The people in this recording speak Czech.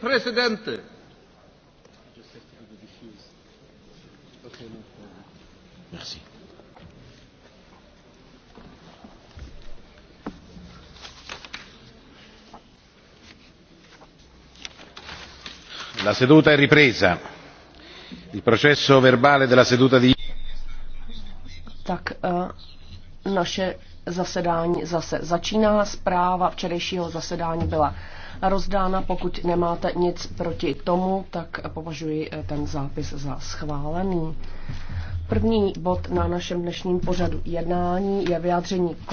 Präsidenten! Merci. La seduta è ripresa. Il processo verbale della seduta di Tak uh, naše Zasedání zase začíná. Zpráva včerejšího zasedání byla rozdána. Pokud nemáte nic proti tomu, tak považuji eh, ten zápis za schválený. První bod na našem dnešním pořadu jednání je vyjádření komise.